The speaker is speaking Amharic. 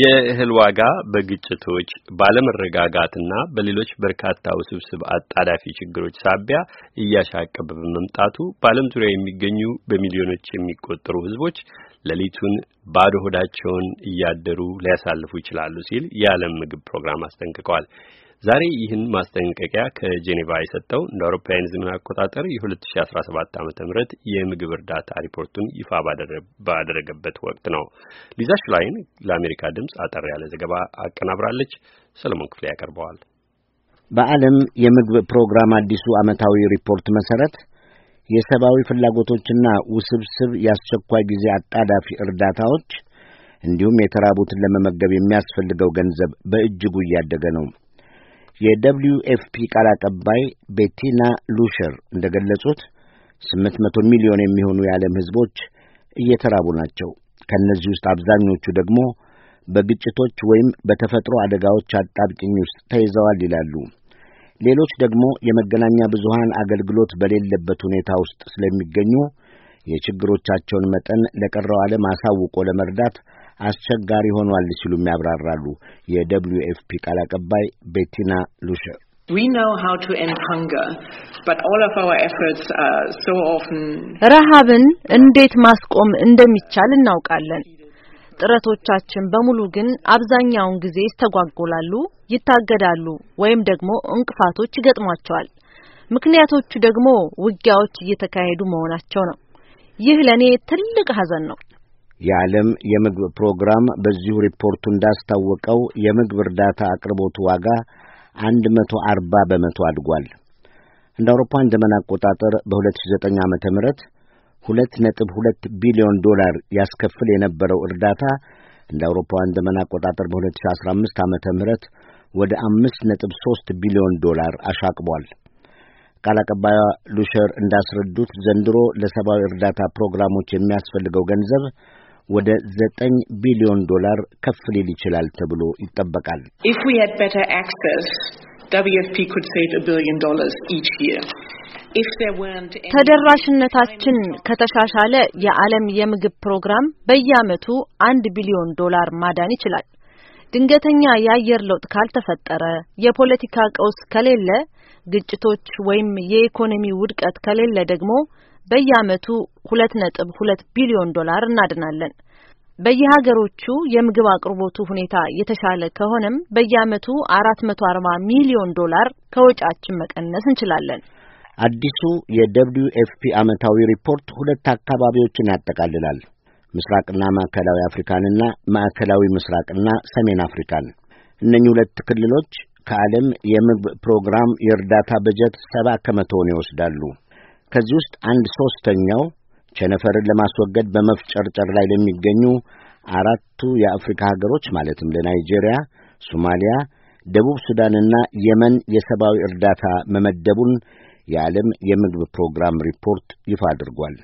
የእህል ዋጋ በግጭቶች ባለመረጋጋትና በሌሎች በርካታ ውስብስብ አጣዳፊ ችግሮች ሳቢያ እያሻቀበ በመምጣቱ በዓለም ዙሪያ የሚገኙ በሚሊዮኖች የሚቆጠሩ ሕዝቦች ሌሊቱን ባዶ ሆዳቸውን እያደሩ ሊያሳልፉ ይችላሉ ሲል የዓለም ምግብ ፕሮግራም አስጠንቅቀዋል። ዛሬ ይህን ማስጠንቀቂያ ከጄኔቫ የሰጠው እንደ አውሮፓውያን ዘመን አቆጣጠር የ2017 ዓ.ም የምግብ እርዳታ ሪፖርቱን ይፋ ባደረገበት ወቅት ነው። ሊዛ ሽላይን ለአሜሪካ ድምፅ አጠር ያለ ዘገባ አቀናብራለች። ሰለሞን ክፍሌ ያቀርበዋል። በዓለም የምግብ ፕሮግራም አዲሱ ዓመታዊ ሪፖርት መሠረት የሰብአዊ ፍላጎቶችና ውስብስብ የአስቸኳይ ጊዜ አጣዳፊ እርዳታዎች እንዲሁም የተራቡትን ለመመገብ የሚያስፈልገው ገንዘብ በእጅጉ እያደገ ነው። የደብሊዩ ኤፍፒ ቃል አቀባይ ቤቲና ሉሸር እንደ ገለጹት ስምንት መቶ ሚሊዮን የሚሆኑ የዓለም ሕዝቦች እየተራቡ ናቸው። ከእነዚህ ውስጥ አብዛኞቹ ደግሞ በግጭቶች ወይም በተፈጥሮ አደጋዎች አጣብቂኝ ውስጥ ተይዘዋል ይላሉ። ሌሎች ደግሞ የመገናኛ ብዙሃን አገልግሎት በሌለበት ሁኔታ ውስጥ ስለሚገኙ የችግሮቻቸውን መጠን ለቀረው ዓለም አሳውቆ ለመርዳት አስቸጋሪ ሆኗል ሲሉም ያብራራሉ። የደብሊዩ ኤፍ ፒ ቃል አቀባይ ቤቲና ሉሸር ረሃብን እንዴት ማስቆም እንደሚቻል እናውቃለን። ጥረቶቻችን በሙሉ ግን አብዛኛውን ጊዜ ይስተጓጎላሉ ይታገዳሉ ወይም ደግሞ እንቅፋቶች ይገጥሟቸዋል። ምክንያቶቹ ደግሞ ውጊያዎች እየተካሄዱ መሆናቸው ነው። ይህ ለእኔ ትልቅ ሐዘን ነው። የዓለም የምግብ ፕሮግራም በዚሁ ሪፖርቱ እንዳስታወቀው የምግብ እርዳታ አቅርቦቱ ዋጋ አንድ መቶ አርባ በመቶ አድጓል። እንደ አውሮፓን ዘመን አቆጣጠር በ2009 ዓመተ ምህረት 2.2 ቢሊዮን ዶላር ያስከፍል የነበረው እርዳታ እንደ አውሮፓውያን ዘመን አቆጣጠር በ2015 ዓመተ ምህረት ወደ አምስት ነጥብ ሦስት ቢሊዮን ዶላር አሻቅቧል። ቃል ሉሸር እንዳስረዱት ዘንድሮ ለሰብአዊ እርዳታ ፕሮግራሞች የሚያስፈልገው ገንዘብ ወደ ዘጠኝ ቢሊዮን ዶላር ከፍ ሊል ይችላል ተብሎ ይጠበቃል። ተደራሽነታችን ከተሻሻለ የዓለም የምግብ ፕሮግራም በየዓመቱ አንድ ቢሊዮን ዶላር ማዳን ይችላል። ድንገተኛ የአየር ለውጥ ካልተፈጠረ፣ የፖለቲካ ቀውስ ከሌለ፣ ግጭቶች ወይም የኢኮኖሚ ውድቀት ከሌለ ደግሞ በየአመቱ 2.2 ቢሊዮን ዶላር እናድናለን። በየሀገሮቹ የምግብ አቅርቦቱ ሁኔታ የተሻለ ከሆነም በየአመቱ 440 ሚሊዮን ዶላር ከወጪያችን መቀነስ እንችላለን። አዲሱ የደብሊዩ ኤፍፒ ዓመታዊ ሪፖርት ሁለት አካባቢዎችን ያጠቃልላል። ምስራቅና ማዕከላዊ አፍሪካንና ማዕከላዊ ምስራቅና ሰሜን አፍሪካን። እነኚህ ሁለት ክልሎች ከዓለም የምግብ ፕሮግራም የእርዳታ በጀት ሰባ ከመቶውን ይወስዳሉ። ከዚህ ውስጥ አንድ ሦስተኛው ቸነፈርን ለማስወገድ በመፍጨርጨር ላይ ለሚገኙ አራቱ የአፍሪካ ሀገሮች ማለትም ለናይጄሪያ፣ ሶማሊያ፣ ደቡብ ሱዳንና የመን የሰብአዊ እርዳታ መመደቡን የዓለም የምግብ ፕሮግራም ሪፖርት ይፋ አድርጓል።